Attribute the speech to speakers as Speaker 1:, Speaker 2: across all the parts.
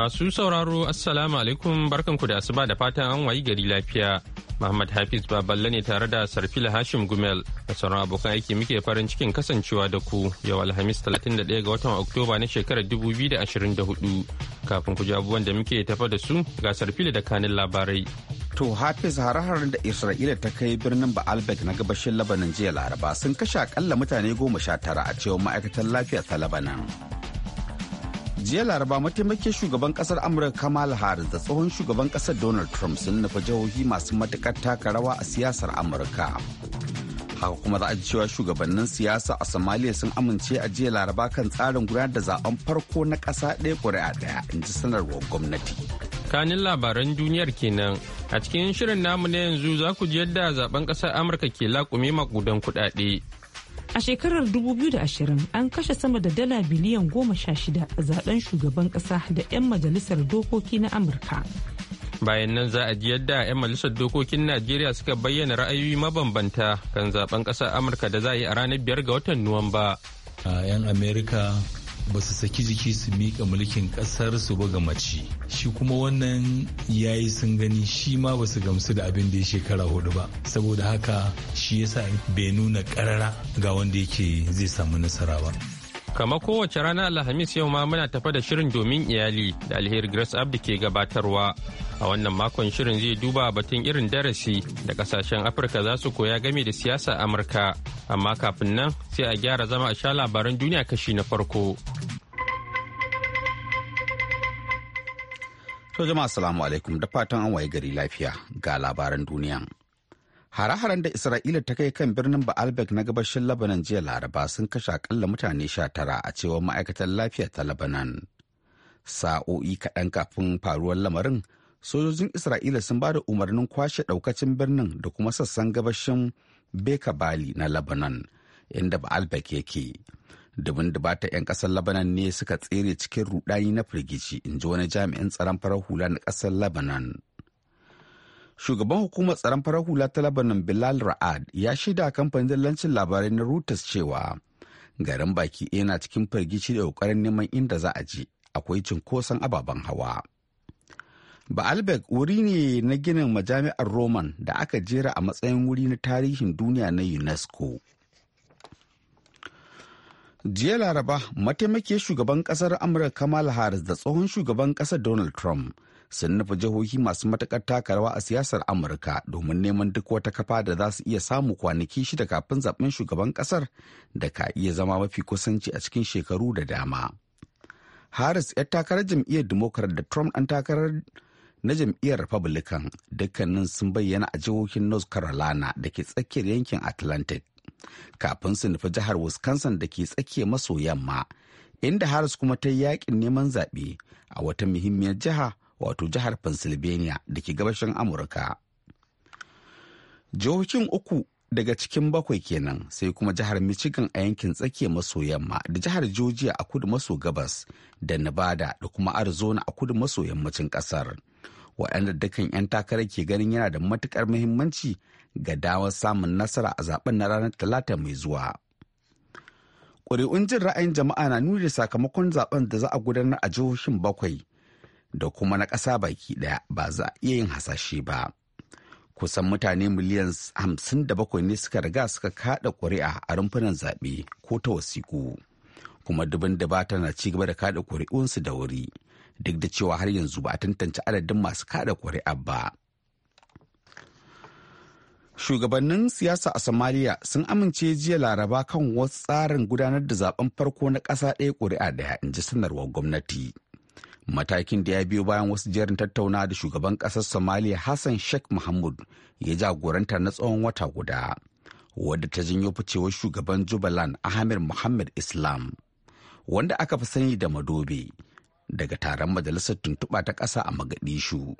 Speaker 1: Masu sauraro Assalamu alaikum barkanku da asuba da fatan an wayi gari lafiya. Muhammad Hafiz Baballe ne tare da Sarfila Hashim Gumel da sauran abokan aiki muke farin cikin kasancewa da ku yau Alhamis 31 ga watan Oktoba na shekarar 2024. Kafin ku ji abubuwan da muke tafa da su ga Sarfila da kanin labarai.
Speaker 2: To Hafiz har da Isra'ila ta kai birnin Baalbek na gabashin Labanan jiya Laraba sun kashe akalla mutane goma sha tara a cewar ma'aikatan lafiya ta Labanan. jiya laraba mataimakin shugaban kasar amurka kamala harris da tsohon shugaban kasar donald trump sun nufa jihohi masu matukar taka rawa a siyasar amurka haka kuma za a ji cewa shugabannin siyasa a somalia sun amince a jiya laraba kan tsarin gudanar da zaben farko na kasa ɗaya ƙuri'a ɗaya in ji sanarwar gwamnati
Speaker 1: kanin labaran duniyar kenan a cikin shirin namu na yanzu za ku ji yadda zaben kasar amurka ke laƙume maƙudan kuɗaɗe
Speaker 3: A shekarar 2020 an kashe sama da dala biliyan goma sha shida a zaben shugaban kasa da 'yan majalisar dokoki na Amurka.
Speaker 1: Bayan nan za a ji yadda 'yan majalisar dokokin Najeriya suka bayyana ra'ayoyi mabambanta kan zaben ƙasar Amurka da za a yi a ranar biyar
Speaker 4: ga watan Nuwamba. A 'yan Amerika ba su saki jiki su miƙa mulkin ƙasar su ba ga mace shi kuma wannan yayi sun gani shi ma ba su gamsu da abin da ya shekara hudu ba saboda haka shi yasa bai nuna karara ga wanda yake zai samu nasara ba
Speaker 1: kama kowace rana alhamis yau ma muna tafa da shirin domin iyali da alheri grace abdi ke gabatarwa a wannan makon shirin zai duba batun irin darasi da kasashen afirka za su koya game da siyasa amurka amma kafin nan sai a gyara zama a sha labaran duniya kashi na farko
Speaker 2: To jama'a asalamu alaikum da fatan an waye gari lafiya ga labaran duniya. Hare-haren da Isra'ila ta kai kan birnin Baalbek na gabashin Lebanon jiya Laraba sun kashe akalla mutane sha a cewar ma'aikatan lafiya ta Lebanon. Sa'o'i kaɗan kafin faruwar lamarin, sojojin Isra'ila sun ba da umarnin kwashe ɗaukacin birnin da kuma sassan gabashin Beka Bali na Lebanon, inda Ba'al Baalbek yake. dubin ta 'yan kasar labanan ne suka tsere cikin rudani na firgici in ji wani jami'in tsaron farar hula na kasar labanan shugaban hukumar tsaron farar hula ta labanan bilal ra'ad ya shaida kamfanin dillancin labarai na reuters cewa garin baki yana cikin firgici da kokarin neman inda za a je akwai cinkoson ababen hawa Baalbek wuri ne na ginin majami'ar Roman da aka jera a matsayin wuri na tarihin duniya na UNESCO. jiya laraba mataimake shugaban kasar amurka kamal harris da tsohon shugaban kasar donald trump sun nufi jihohi masu matakar takarwa a siyasar amurka domin neman duk wata kafa da za su iya samu kwanaki shida kafin zaben shugaban kasar da ka iya zama mafi kusanci a cikin shekaru da dama harris 'yar takarar jam'iyyar democrat da trump ɗan takarar na jam'iyyar republican dukkanin sun bayyana a jihohin north carolina da ke tsakiyar yankin atlantic kafin su nufi jihar wisconsin da ke tsakiya maso yamma inda harris kuma ta yi yakin neman zaɓe a wata muhimmiyar jiha wato jihar pennsylvania da ke gabashin amurka jihohin uku daga cikin bakwai kenan sai kuma jihar michigan a yankin tsakiya maso yamma da jihar georgia a kudu maso gabas da nevada da kuma arizona a kudu maso yammacin kasar waɗanda dukkan 'yan takarar ke ganin yana da matukar muhimmanci ga damar samun nasara a zaben na ranar talata mai zuwa ƙuri'un jin ra'ayin jama'a na nuna da sakamakon zaben da za a gudanar a jihohin bakwai da kuma na ƙasa baki ɗaya ba za a iya yin hasashe ba kusan mutane miliyan hamsin da bakwai ne suka riga suka kaɗa ƙuri'a a rumfunan zaɓe ko ta wasiƙu kuma dubin da bata na ci gaba da kada ƙuri'unsu da wuri duk da cewa har yanzu ba a tantance adadin masu kaɗa ƙuri'a ba shugabannin siyasa a somaliya sun amince jiya laraba kan wasu tsarin gudanar da zaben farko na ƙasa ɗaya ƙuri'a ɗaya in ji sanarwar gwamnati matakin da ya biyo bayan wasu jerin tattauna da shugaban ƙasar somaliya hassan sheikh Muhammad, ya jagoranta na tsawon wata guda wadda ta janyo ficewar shugaban jubaland ahmed muhammad islam wanda aka fi sani da madobe daga taron majalisar tuntuɓa ta ƙasa a magadishu.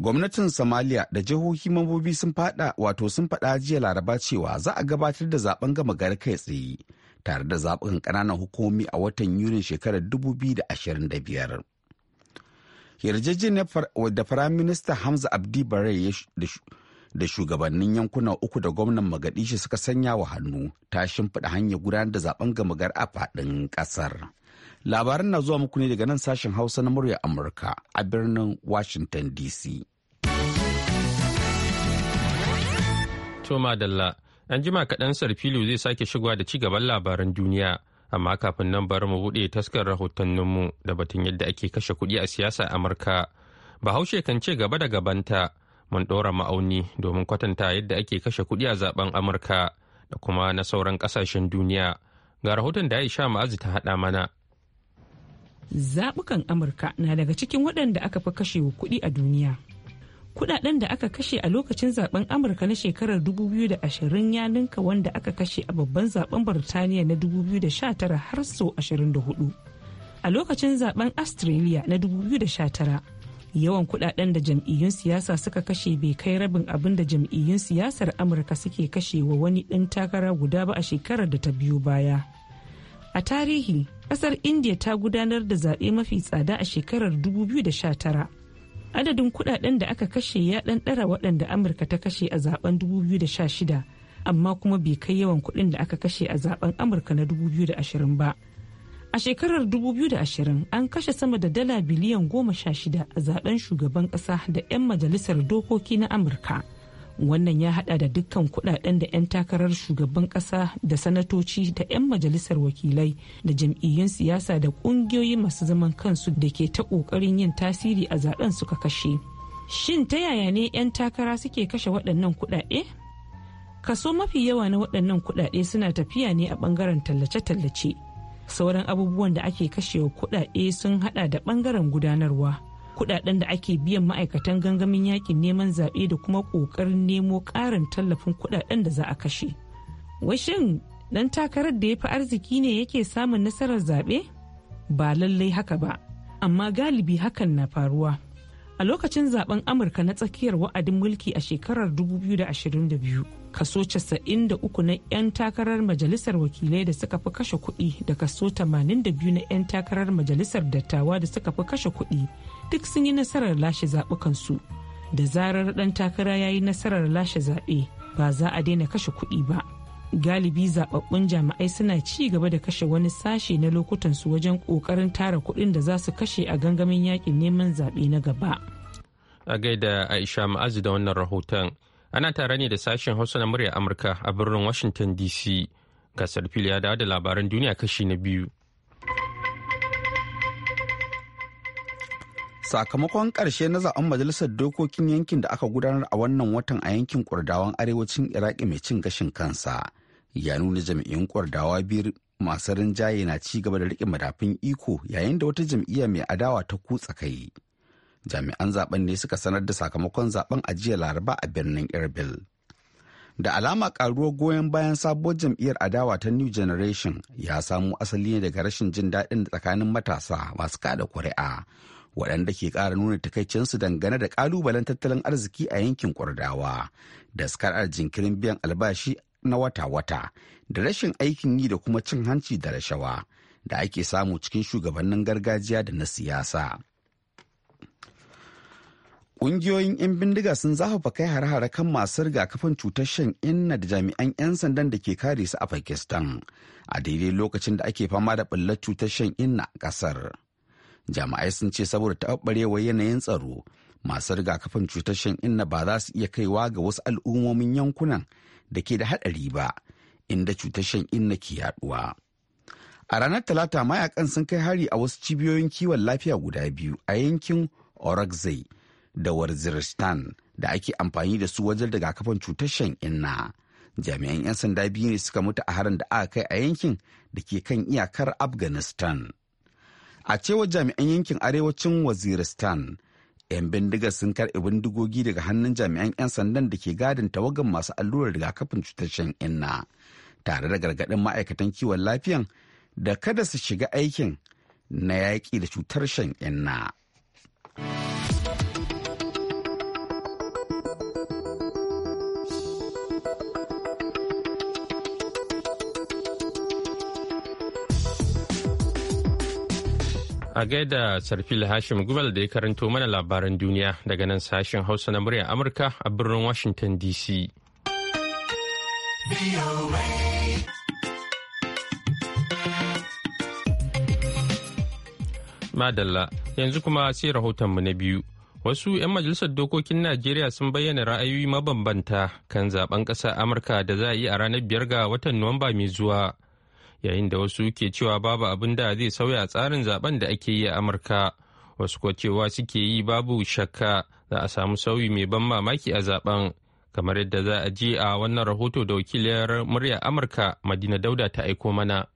Speaker 2: gwamnatin somalia da jihohi mambobi sun fada wato sun fada jiya laraba cewa za a gabatar da zaben gama gari kai tsaye tare da zaben kananan hukumomi a watan yuni shekarar 2025 yarjejeniyar da firaminista hamza abdi bare da shugabannin yankuna uku da gwamnan magadishi suka sanya wa hannu ta shimfiɗa hanyar gudanar da zaben gama gari a faɗin ƙasar labarin na zuwa muku ne daga nan sashen hausa na murya amurka a birnin washington dc
Speaker 1: Toma Dalla, an jima kaɗan Sarfilu zai sake shigowa da ci gaban labaran duniya. Amma kafin nan bari mu buɗe taskar rahotanninmu da batun yadda ake kashe kuɗi a siyasa Amurka. Bahaushe kan ce gaba da gabanta mun ɗora ma'auni domin kwatanta yadda ake kashe kuɗi a zaben Amurka da kuma na sauran ƙasashen duniya. Ga rahoton da Aisha ma'azi ta haɗa mana.
Speaker 3: Zaɓukan Amurka na daga cikin waɗanda aka fi kashewa kuɗi a duniya. kudaden da aka kashe a lokacin zaben amurka na shekarar 2020 ya ninka wanda aka kashe a babban zaben birtaniya na 2019 har sau 24 a lokacin zaben australia na 2019 yawan kudaden da jam'iyyun siyasa suka kashe bai kai rabin abin da jam'iyyun siyasar amurka suke kashe wa wani ɗan takara guda ba a shekarar da ta biyo baya a tarihi ƙasar india ta gudanar da zaɓe mafi tsada a shekarar 2019 adadin kudaden da aka kashe ya dan dara waɗanda amurka ta kashe a zaben 2016 amma kuma bai kai yawan kuɗin da aka kashe a zaben amurka na 2020 ba a shekarar 2020 an kashe sama da dala biliyan 16 a zaben shugaban ƙasa da 'yan majalisar dokoki na amurka wannan ya hada da dukkan kudaden da 'yan takarar shugaban kasa da sanatoci da 'yan majalisar wakilai da jam'iyyun siyasa da kungiyoyi masu zaman kansu da ke ta kokarin yin tasiri a zaben suka kashe shin ta yaya ne 'yan takara suke kashe waɗannan kudade kaso mafi yawa na waɗannan kudade suna tafiya ne a ɓangaren tallace-tallace sauran abubuwan da ake kashewa kudade sun hada da ɓangaren gudanarwa kudaden da ake biyan ma'aikatan gangamin yakin neman zaɓe da kuma ƙoƙarin nemo ƙarin tallafin kudaden da za a kashe. Washin ɗan takarar da ya fi arziki ne yake samun nasarar zaɓe? Ba lallai haka ba, amma galibi hakan na faruwa. a lokacin zaben amurka na tsakiyar wa'adin mulki a shekarar 2022 kaso 93 na 'yan takarar majalisar wakilai da suka fi kashe kuɗi da kaso 82 na 'yan takarar majalisar dattawa da suka fi kashe kuɗi duk sun yi nasarar lashe zaɓukansu da zarar ɗan takara ya yi nasarar lashe zaɓe ba za a daina kashe kuɗi ba galibi zababbun jami'ai suna ci gaba da kashe wani sashe na lokutansu wajen kokarin tara kuɗin da za su kashe a gangamin yakin neman zaɓe na gaba.
Speaker 1: A gaida Aisha Ma'azu da wannan rahoton, ana tare ne da sashen Hausa na murya Amurka a birnin Washington DC. Gasar fili ya dawo da labaran duniya kashi na biyu.
Speaker 2: sakamakon ƙarshe na zaben majalisar dokokin yankin da aka gudanar a wannan watan a yankin kurdawan arewacin iraki mai cin gashin kansa ya nuna jami'in kwardawa biyar masu rinjaye na ci gaba da riƙe madafin iko yayin da wata jam'iyya mai adawa ta kutsa kai jami'an zaben ne suka sanar da sakamakon zaben a jiya laraba a birnin irbil da alama karuwar goyon bayan sabuwar jam'iyyar adawa ta new generation ya samo asali ne daga rashin jin daɗin tsakanin matasa masu kada ƙuri'a waɗanda ke ƙara nuna takaicinsu dangane da ƙalubalen tattalin arziki a yankin kwardawa da skarar jinkirin biyan albashi na wata-wata da rashin aikin yi da kuma cin hanci da rashawa da ake samu cikin shugabannin gargajiya da na siyasa. Ƙungiyoyin 'yan bindiga sun zafafa kai har hare kan masu rigakafin cutar shan inna da jami'an 'yan sandan da ke kare su a Pakistan a daidai lokacin da ake fama da ɓullar cutar shan inna a ƙasar. Jami'ai sun ce saboda taɓaɓɓarewa yanayin tsaro masu rigakafin cutar shan inna ba za su iya kaiwa ga wasu al'ummomin yankunan da ke da haɗari ba inda cutar shan inna ke yaduwa. A ranar Talata mayakan sun kai hari a wasu cibiyoyin kiwon lafiya guda biyu a yankin Orakzai da Warziristan da ake amfani da su wajen rigakafin cutar shan inna. Jami'an 'yan sanda biyu ne suka mutu a harin da aka kai a yankin da ke kan iyakar Afghanistan. A cewar jami'an yankin arewacin Waziristan, 'yan bindigar sun karɓi bindigogi daga hannun jami'an 'yan sandan da ke gadin tawagan masu allurar rigakafin cutar shan inna tare da gargaɗin ma'aikatan kiwon lafiyan da kada su shiga aikin na yaƙi da cutar shan inna.
Speaker 1: A gaida Sarfil Hashim Gubal da ya karanto mana labaran duniya daga nan sashen Hausa na muryar Amurka a birnin Washington DC. Madalla, yanzu kuma sai rahotonmu na biyu. Wasu 'yan majalisar dokokin Najeriya sun bayyana ra'ayoyi mabambanta kan zaben ƙasar Amurka da za a yi a ranar biyar ga watan Nuwamba mai zuwa. yayin da wasu ke cewa babu abin da zai sauya tsarin zaben da ake yi a amurka wasu kuwa cewa suke yi babu shakka za a samu sauyi mai ban mamaki a zaben kamar yadda za a ji a wannan rahoto da wakiliyar murya amurka madina dauda ta aiko mana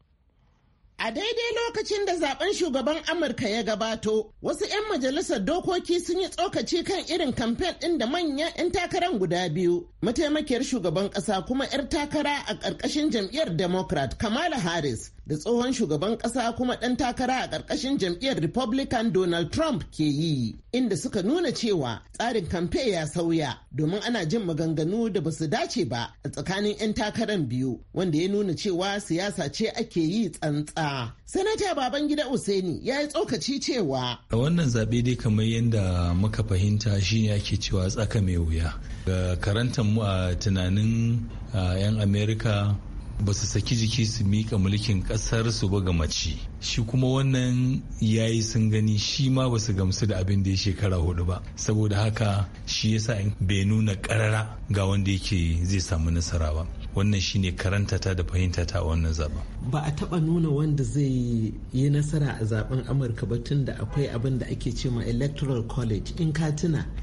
Speaker 5: A daidai lokacin da zaben shugaban Amurka ya gabato, wasu 'yan majalisar dokoki sun yi tsokaci kan irin kamfen ɗin da manyan 'yan takarar guda biyu. Mataimakiyar shugaban ƙasa kuma 'yar takara a ƙarƙashin jam'iyyar Democrat Kamala Harris da tsohon shugaban kasa kuma ɗan takara a ƙarƙashin jam'iyyar Republican Donald Trump ke yi, inda suka nuna cewa tsarin kamfe ya sauya domin ana jin maganganu da ba su dace ba a tsakanin 'yan takaran biyu, wanda ya nuna cewa siyasa ce ake yi tsantsa. Sanata Babangida Useni ya yi tsokaci
Speaker 4: cewa. A wannan zaɓe dai kamar yadda muka fahimta shine ake cewa tsaka mai wuya. Ga karantar mu a tunanin 'yan Amerika ba su saki jiki su mika mulkin kasar su ba ga mace shi kuma wannan yayi sun gani shi ma ba su gamsu da abin da ya shekara hudu ba saboda haka shi yasa bai nuna ƙarara ga wanda yake zai samu nasara ba wannan shine ta da ta a wannan zaben
Speaker 5: ba a taɓa nuna wanda zai yi nasara a zaben amurka ba tun da akwai abin da ake cewa electoral college in ka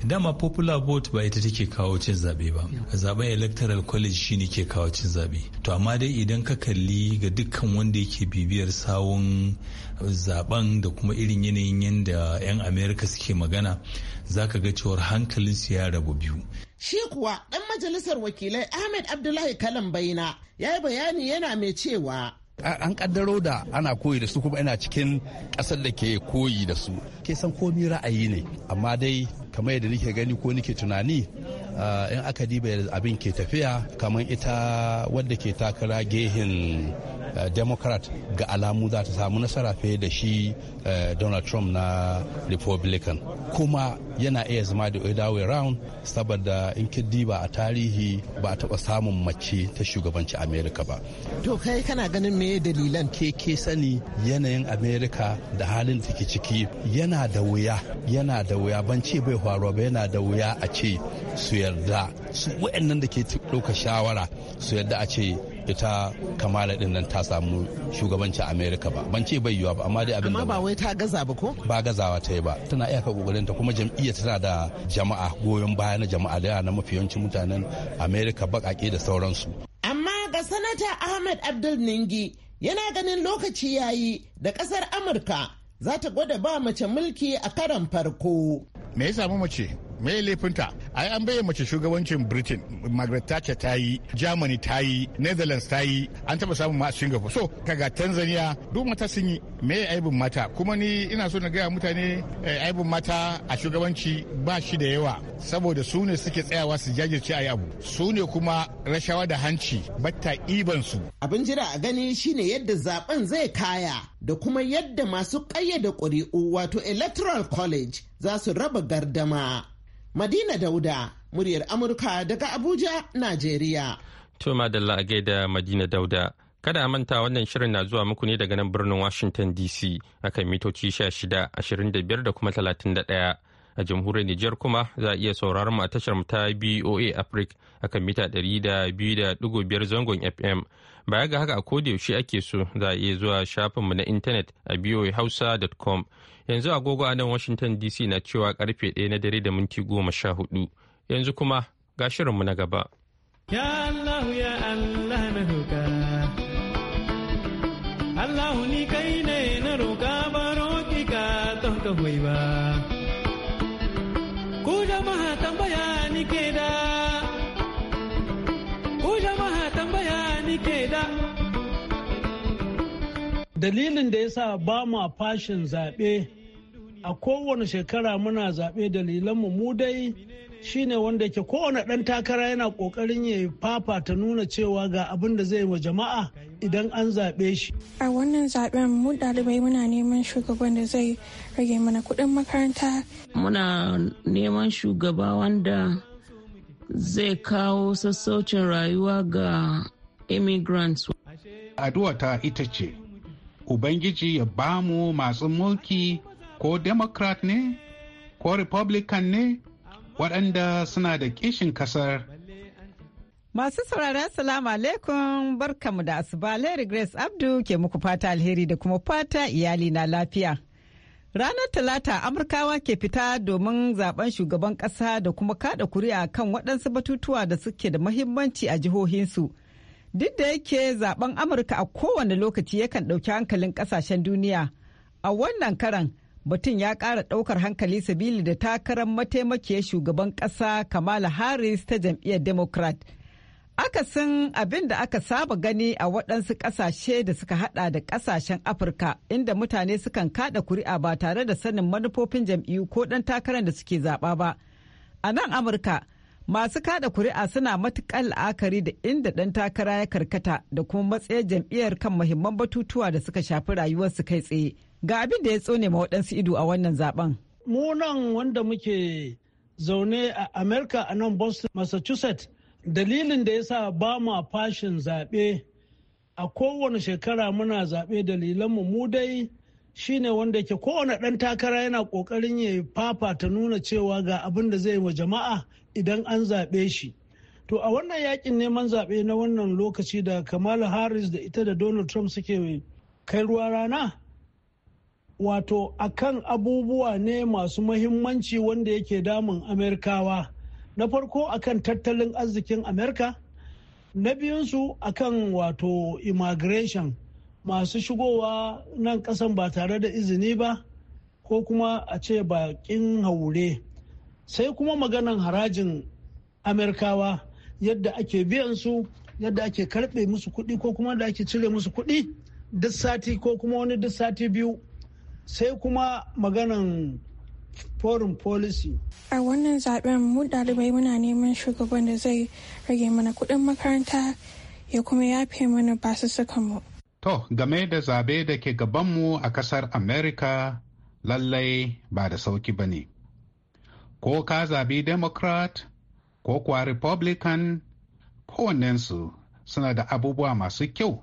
Speaker 4: dama popular vote ba ita take kawo cin zaɓe ba zaben electoral college shine ke kawo cin zaɓe to amma dai idan ka kalli ga dukkan wanda yake bibiyar sawun zaben da kuma irin yanayin yadda 'yan amerika suke magana zaka ka ga cewar hankalinsu ya rabu biyu
Speaker 5: shi kuwa majalisar wakilai Ahmed Abdullahi Kalan Baina ya yi bayani yana
Speaker 6: mai cewa an kaddaro da ana koyi da su kuma ina cikin kasar da ke koyi da su ke san komi ra'ayi ne amma dai kamar yadda nake gani ko nake tunani in aka diba abin ke tafiya kamar ita wadda ke takara gehin Eh, democrat ga alamu za ta samu nasara fiye da shi eh, donald trump na republican kuma yana iya zama da other way round saboda in diba a tarihi ba a taɓa samun mace ta shugabanci america ba to kai kana ganin me dalilan ke ke sani yanayin america da halin da ke ciki yana da wuya yana da wuya ban ce bai faruwa ba yana da wuya a ce su yarda su da ke ɗauka shawara su yarda a ce ita kamala din nan ta samu shugabancin Amerika ba ban ce bai yiwa ba amma dai abin da ba wai ta gaza ba ko ba gazawa ta yi ba tana iyaka kokarin ta kuma jam'iyyar tana da jama'a goyon baya na jama'a da na mafi yawancin mutanen amerika bakake da sauransu
Speaker 5: amma ga sanata ahmed abdul ningi yana ganin lokaci yayi da kasar amurka za ta gwada ba
Speaker 7: mace mulki a karan farko me ya samu mace mai laifinta ai an bayyana mace shugabancin britain margaret thatcher ta yi germany ta yi netherlands ta yi an taba samun ma a singapore so kaga tanzania duk mata sun yi me aibin mata kuma ni ina so na gaya mutane eh, aibin mata a shugabanci ba shi da yawa saboda su ne suke tsayawa su jajirce a abu su ne kuma rashawa da hanci batta iban abin
Speaker 5: jira a gani shine yadda zaben zai kaya da kuma yadda masu ƙayyade ƙuri'u wato electoral college za su raba gardama Madina Dauda, muryar Amurka daga Abuja, Najeriya.
Speaker 1: To Madalla a gaida Madina Dauda. Kada a manta wannan shirin na zuwa muku ne daga nan birnin Washington DC akan mitoci 16, 25 da kuma 31. a jamhuriyar Nijar kuma za a iya sauraron mu a tashar mu ta BOA Africa akan mita 200.5 zangon FM. Baya ga haka a koda yaushe ake so za a iya zuwa shafinmu na intanet a boahausa.com yanzu agogo a nan washington dc na cewa karfe 1 na dare da minti goma sha hudu yanzu kuma ga shirinmu na gaba
Speaker 8: ya allah ya allah na roka allah ni kai ne na roka baro ki ka ton ka hoyi ba ku tambaya ni ke da ku jama'a tambaya ni ke da dalilin da ya sa ba ma fashin zaɓe a kowane shekara muna zaɓe dalilan mu mu dai shine wanda ke kowane ɗan takara yana ƙoƙarin ya ta nuna cewa ga abin da zai wa jama'a idan an zaɓe shi.
Speaker 9: A wannan zaɓen mu ɗalibai muna neman shugaban da zai rage mana kuɗin makaranta. Muna neman shugaba wanda
Speaker 7: zai kawo sassaucin rayuwa ga immigrants. Addu'a ta ita ce, Ubangiji ya bamu masu mulki ko democrat ne ko republican ne waɗanda suna da kishin kasar
Speaker 10: Masu sauraron salamu alaikum barkamu da asuba Larry Grace Abdu ke muku fata alheri da kuma fata iyali na lafiya. Ranar Talata Amurkawa ke fita domin zaben shugaban ƙasa da kuma kada kuri'a kan waɗansu batutuwa da suke da mahimmanci a jihohinsu. Duk da yake zaben Amurka a kowane lokaci yakan ɗauki hankalin ƙasashen duniya. A wannan karan batun ya kara ɗaukar hankali sabili da takarar mataimakiya shugaban ƙasa kamala harris ta jam'iyyar democrat akasin abin da aka saba gani a waɗansu ƙasashe da suka hada da ƙasashen afirka inda mutane sukan kaɗa kuri'a ba tare da sanin manufofin jam'iyyu ko ɗan takarar da suke zaɓa ba a nan amurka masu kaɗa kuri'a suna matuƙar la'akari da inda ɗan takara ya karkata da kuma matsayar jam'iyyar kan muhimman batutuwa da suka shafi rayuwarsu kai tsaye ga abin da ya tsone ma waɗansu ido
Speaker 8: a wannan zaben. mu nan wanda muke zaune a america a nan boston massachusetts dalilin da ya sa ba ma fashin zaɓe a kowane shekara muna zaɓe dalilan mu dai shine wanda yake kowane ɗan takara yana ƙoƙarin ya fafa ta nuna cewa ga abin da zai wa jama'a idan an zaɓe shi to a wannan yakin neman zaɓe na wannan lokaci da kamala harris da ita da donald trump suke kai ruwa rana wato akan abubuwa ne masu mahimmanci wanda yake damun amerikawa na farko akan tattalin arzikin amerika na biyunsu akan wato immigration masu shigowa nan kasan ba tare da izini ba ko kuma a ce bakin haure sai kuma maganan harajin amerikawa yadda ake biyan su yadda ake karbe musu kuɗi ko kuma da ake cire musu kuɗi duk sati ko kuma wani duk sati biyu sai kuma maganan foreign policy.
Speaker 9: A wannan zaben mu ɗalibai muna neman shugaban da zai rage mana kuɗin makaranta ya kuma yafe mana basu suka
Speaker 7: mu. To, game da zabe da ke gabanmu a ƙasar Amerika lallai ba da sauki ba ne. Ko ka zabi Democrat ko kuwa Republican kowannensu suna da abubuwa masu kyau,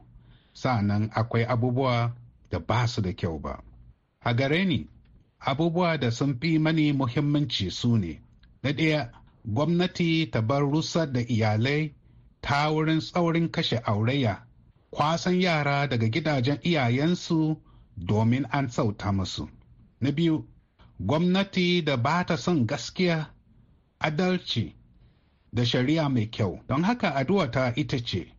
Speaker 7: sa'annan akwai abubuwa da ba su da kyau ba. A gare ni, abubuwa da sun fi mani muhimmanci su ne, na ɗaya gwamnati ta bar rusa da iyalai ta wurin tsaurin kashe aureya. kwasan yara daga gidajen iyayensu domin an sauta musu. Na biyu, gwamnati da ba ta son gaskiya, adalci da shari'a mai kyau, don haka addu'a ta ita ce,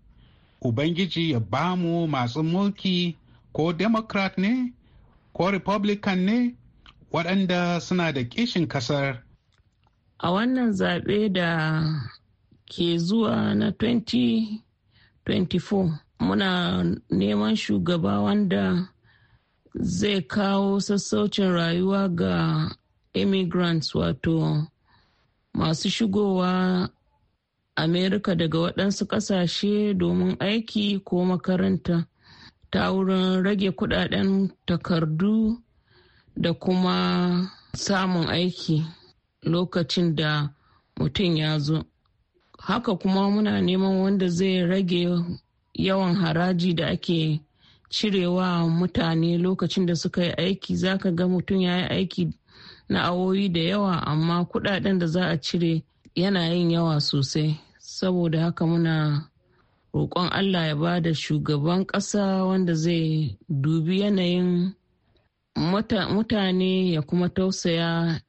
Speaker 7: Ubangiji ya bamu masu mulki ko Democrat ne ko republican ne waɗanda suna da kishin kasar
Speaker 9: a wannan zaɓe da ke zuwa na 2024 muna neman shugaba wanda zai kawo sassaucin rayuwa ga immigrants wato masu shigowa amerika daga waɗansu ƙasashe domin aiki ko makaranta ta wurin rage kudaden takardu da kuma samun aiki lokacin da mutum ya zo haka kuma muna neman wanda zai rage yawan haraji da ake cirewa mutane lokacin da suka yi aiki zaka ga mutum ya yi aiki na awoyi da yawa amma kudaden da za a cire yana yin yawa sosai saboda haka muna roƙon allah ya ba da shugaban ƙasa wanda zai dubi yanayin mutane ya kuma tausaya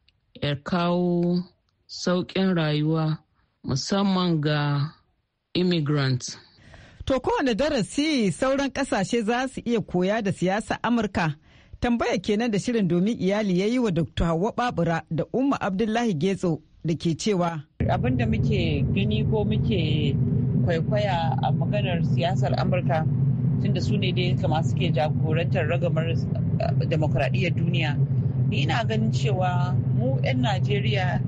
Speaker 9: ya kawo sauƙin rayuwa musamman ga immigrants. To kowane darasi sauran
Speaker 10: ƙasashe za su iya koya da siyasa Amurka. Tambaya kenan da shirin domin iyali ya yi wa Dr. Hauwa Babura da Umma Abdullahi Getso da ke cewa.
Speaker 11: Abin da muke gani ko muke kwaikwaya a maganar siyasar amurka tunda su ne dai kama suke jagorantar ragamar eh, demokradiyyar duniya ni ina ganin cewa mu 'yan najeriya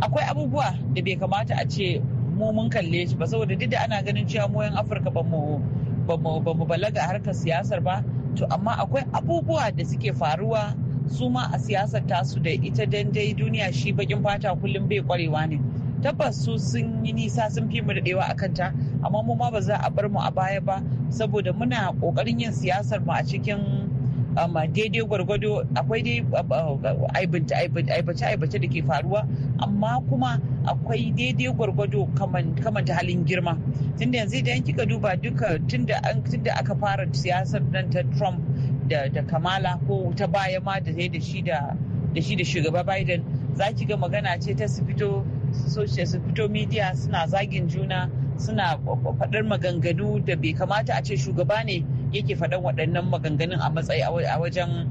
Speaker 11: akwai abubuwa da bai kamata a ce mu mun kalle shi ba saboda duk da ana ganin cewa mu 'yan afirka ba mu balaga harkar siyasar ba to amma akwai abubuwa da suke faruwa su ma a siyasar tasu da ita dandai duniya shi bakin fata kullum bai kwarewa ne tabbas su sun yi nisa sun fi mu daɗewa a kanta amma mu ma ba za a bar mu a baya ba saboda muna ƙoƙarin yin siyasar mu a cikin um, daidai gwargwado akwai dai um, um, aibace aibace da ke faruwa amma kuma akwai daidai gwargwado kamanta halin girma tunda yanzu idan kika duba duka tunda aka fara siyasar nan ta trump da kamala ko ta baya ma da shi da shi da shugaba biden za ki ga magana ce ta su fito social su fito media suna zagin juna suna faɗar maganganu da bai kamata a ce shugaba ne yake faɗan waɗannan maganganun a matsayi a wajen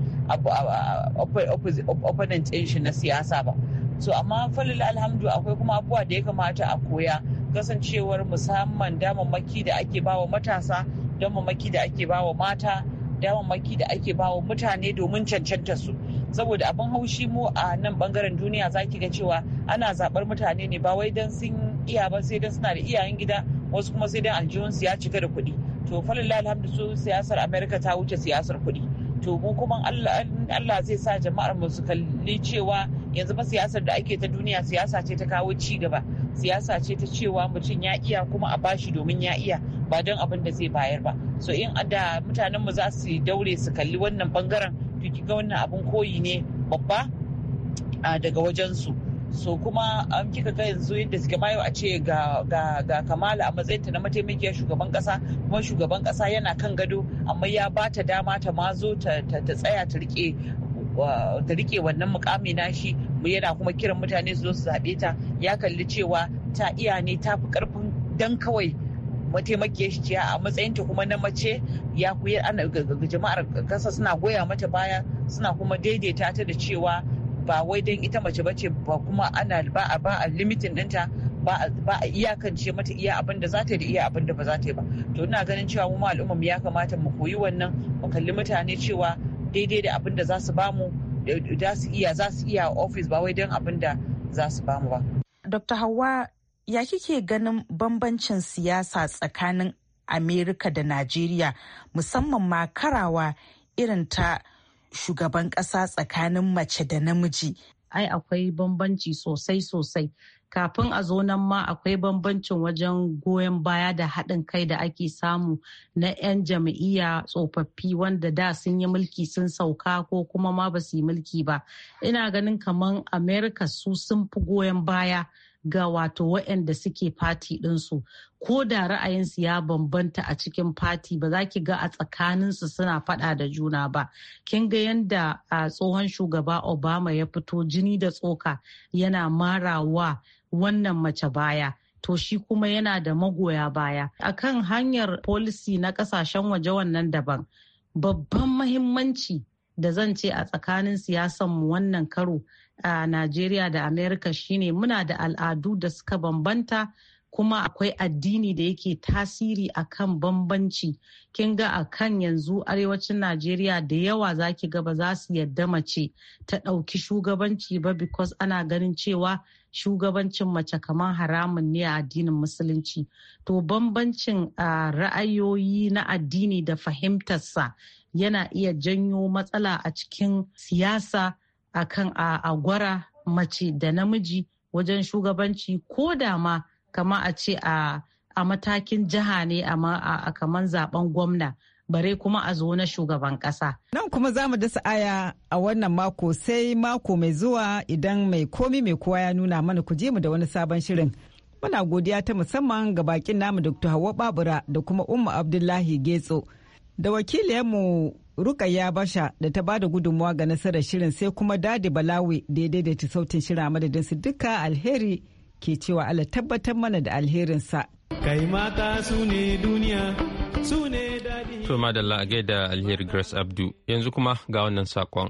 Speaker 11: opponent ɗin shi na siyasa ba so amma falil alhamdu akwai kuma abubuwa da ya kamata a koya kasancewar musamman damammaki da ake bawa matasa damammaki da ake bawa mata damammaki da ake bawa mutane domin cancanta su saboda abin haushi mu a nan bangaren duniya zaki ga cewa ana zabar mutane ne ba wai don sun iya ba sai don suna da iyayen gida wasu kuma sai dan su ya cika da kuɗi to falalla alhamdu su siyasar america ta wuce siyasar kuɗi to mu kuma allah zai sa jama'ar mu su kalli cewa yanzu ba siyasar da ake ta duniya siyasa ce ta kawo ci gaba siyasa ce ta cewa mutum ya iya kuma a bashi domin ya iya ba don abin da zai bayar ba so in da mutanen mu za su daure su kalli wannan bangaren ga wannan abin koyi ne babba daga wajensu so kuma an kika ga yanzu yadda suke mayo a ce ga, ga, ga kamala a matsayinta na mataimakiyar shugaban kasa kuma shugaban kasa yana kan gado amma ya ba ta dama ta ma zo ta, tsaya ta rike ta rike wannan mukami nashi yana kuma kiran mutane su zo su zaɓe ta ya kalli cewa ta iya ne ta fi karfin dan kawai mataimakiyar shi a matsayin ta kuma na mace ya kuyi ana jama'ar kasa suna goya mata baya suna kuma daidaita ta da cewa ba wai don ita mace bace ba kuma ana ba a ba a limitin dinta ba a iyakance mata iya abin da za ta yi da iya abin da ba za ta yi ba to ina ganin cewa mu al'umma ya kamata mu koyi wannan mu kalli mutane cewa daidai da abin da za su mu, da su iya za su iya ofis ba wai don abin da za su bamu ba.
Speaker 12: Dr. Hawa ya kike ganin bambancin siyasa tsakanin Amerika da Najeriya musamman ma karawa irin ta shugaban ƙasa tsakanin mace da namiji. Ai akwai bambanci sosai sosai. Kafin a zo nan ma akwai bambancin wajen goyon baya da haɗin kai da ake samu na 'yan jam'iyya tsofaffi wanda da sun yi mulki sun sauka ko kuma ma ba su yi mulki ba. Ina ganin kamar Amerika su sun fi goyon baya ga wato waɗanda suke fati ɗinsu ko da ra'ayinsu ya bambanta a cikin fati ba za ki ga a tsakaninsu suna faɗa da juna ba kin ga yadda a tsohon shugaba obama ya fito jini da tsoka yana marawa wannan mace baya to shi kuma yana da magoya baya akan hanyar policy na ƙasashen waje wannan daban babban mahimmanci da zan ce a tsakanin siyasan mu wannan karo a Najeriya da Amerika shine muna da al'adu da suka bambanta kuma akwai addini da yake tasiri a kan bambanci kin ga a kan yanzu arewacin najeriya da yawa zaki ga ba za su yadda mace ta ɗauki shugabanci ba because ana ganin cewa shugabancin mace kamar haramun ne a addinin musulunci to bambancin ra'ayoyi na addini da fahimtarsa yana iya janyo matsala a cikin siyasa akan a agwara mace da namiji wajen shugabanci ko da ma kama a ce a matakin jiha ne a kaman zaben gwamna bare kuma a zo na shugaban kasa.
Speaker 10: Nan kuma za mu dasa aya a wannan mako sai mako mai zuwa idan mai komi mai kowa ya nuna mana ku je mu da wani sabon shirin. Muna godiya ta musamman ga bakin namu Dr. Hauwa Babura da kuma Umma Abdullahi Getso. da mu Rukayya Basha da ta bada gudunmawa ga nasarar shirin sai kuma Dadi Balawi da ya daidaita sautin shirin a madadin su duka alheri ke cewa Allah tabbatar mana da alherinsa. Kai
Speaker 8: mata su ne duniya su ne
Speaker 10: dadi
Speaker 1: To madalla a gaida alheri Grace Abdu yanzu kuma ga wannan sakon.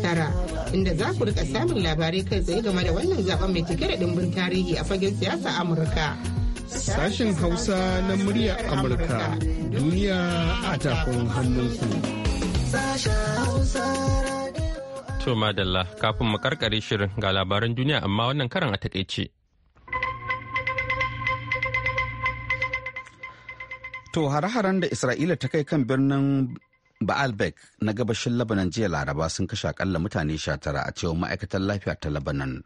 Speaker 5: tara inda za ku rika samun labarai kai tsaye game da wannan zaben mai cike da dimbin tarihi a fagen siyasa Amurka.
Speaker 7: Sashen Hausa na murya Amurka duniya a takon hannunku.
Speaker 1: To madalla kafin mu karkare shirin ga labaran duniya amma wannan karan a takaice.
Speaker 2: To hare-haren da Isra'ila ta kai kan birnin ba'al Baalbek na gabashin Lebanon jiya Laraba sun kashe akalla mutane 19 a cewa ma'aikatan lafiya ta Lebanon.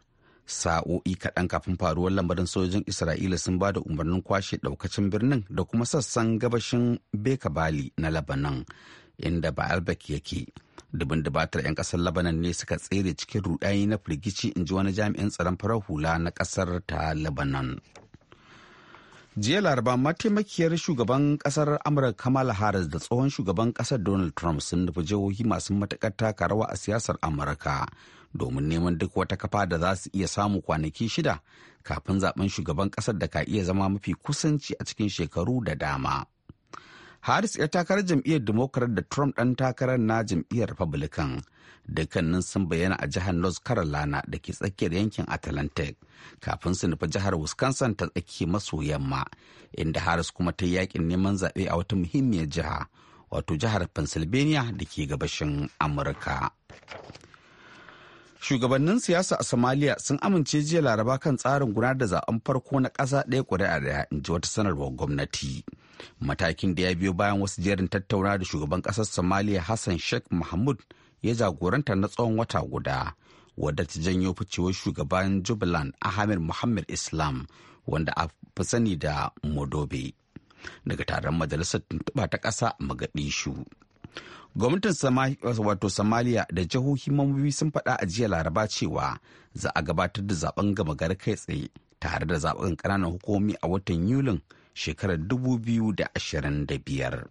Speaker 2: Sa'o'i kaɗan kafin faruwar lambarin sojojin Isra'ila sun ba da umarnin kwashe ɗaukacin birnin da kuma sassan gabashin Beka Bali na Lebanon inda ba'al Baalbek yake. dubin dubatar 'yan ƙasar labanan ne suka tsere cikin rudani na firgici in ji wani jami'in tsaron farar hula na ƙasar ta labanan jiya laraba mataimakiyar shugaban kasar amurka kamala harris da tsohon shugaban kasar donald trump sun nufi jihohi masu matakar taka rawa a siyasar amurka domin neman duk wata kafa da za su iya samu kwanaki shida kafin zaben shugaban kasar da ka iya zama mafi kusanci a cikin shekaru da dama harris ya takarar jam'iyyar democrat da trump ɗan takarar na jam'iyyar republican dukkanin sun bayyana a jihar north carolina da ke tsakiyar yankin atlantic kafin su nufi jihar wisconsin ta tsaki maso yamma inda harris kuma ta yakin neman zaɓe a wata muhimmiyar jiha wato jihar pennsylvania da ke gabashin amurka shugabannin siyasa a somalia sun amince jiya laraba kan tsarin gudanar da zaben farko na ƙasa ɗaya ƙuri'a ɗaya in ji wata sanarwar gwamnati matakin da ya biyo bayan wasu jerin tattauna da shugaban ƙasar somaliya hassan sheikh mahmud ya jagoranta na tsawon wata guda wadda ta janyo ficewar shugaban jubilan ahmed muhammad islam wanda a fi sani da modobe daga taron majalisar tuntuba ta kasa magadishu gwamnatin wato somalia da jihohi mamobi sun faɗa a jiya laraba cewa za a gabatar da zaben gama gari kai tsaye tare da zaben ƙananan hukumomi a watan yulin shekarar 2025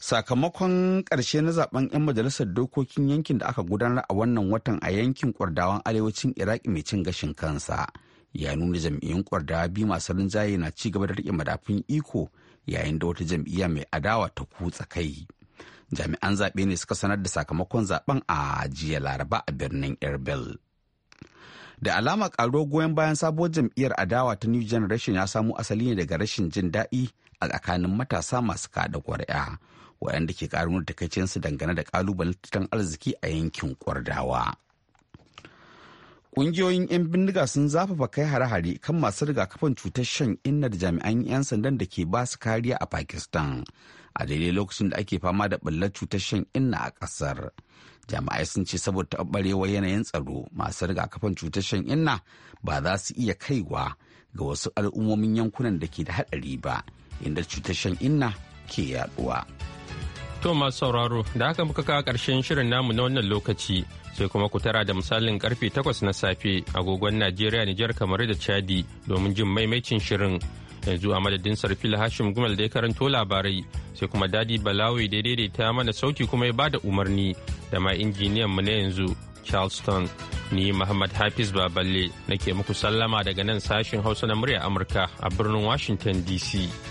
Speaker 2: sakamakon ƙarshe na zaben 'yan majalisar dokokin yankin da aka gudanar a wannan watan a yankin kwardawan arewacin iraki mai cin gashin kansa ya nuna jam'iyyun kwardawa biyu masu rinjaye na ci gaba da rike madafun iko yayin da wata jam'iyya mai adawa ta kutsa kai jami'an zaɓe ne suka sanar da sakamakon zaben a jiya laraba a birnin erbil da alama karuwar goyon bayan sabuwar jam'iyyar adawa ta new generation ya samo asali ne daga rashin jin daɗi a tsakanin matasa masu kada ƙuri'a waɗanda ke ƙarin takaicinsu dangane da kalubalen tattalin arziki a yankin kwardawa. Ƙungiyoyin 'yan bindiga sun zafafa kai hare-hare kan masu rigakafin cutar shan da jami'an 'yan sandan da ke ba su kariya a Pakistan a daidai lokacin da ake fama da ɓallar cutar shan inna a ƙasar. Jami'ai sun ce saboda taɓarewar yanayin tsaro masu rigakafin cutar shan inna ba za su iya kaiwa ga wasu al'ummomin yankunan da ke da haɗari ba inda cutar shan inna ke yaɗuwa.
Speaker 1: To masu sauraro da haka muka kawo ƙarshen shirin namu na wannan lokaci sai kuma ku tara da misalin karfe 8 na safe agogon Najeriya Nijar kamar da Chadi domin jin maimaicin shirin yanzu a madadin sarfil Hashim Gumal da ya karanto labarai sai kuma Dadi Balawi da ta mana sauki kuma ya bada umarni da ma injiniyan mu na yanzu Charleston ni Muhammad Hafiz Baballe nake muku sallama daga nan sashin Hausa na murya Amurka a birnin Washington DC.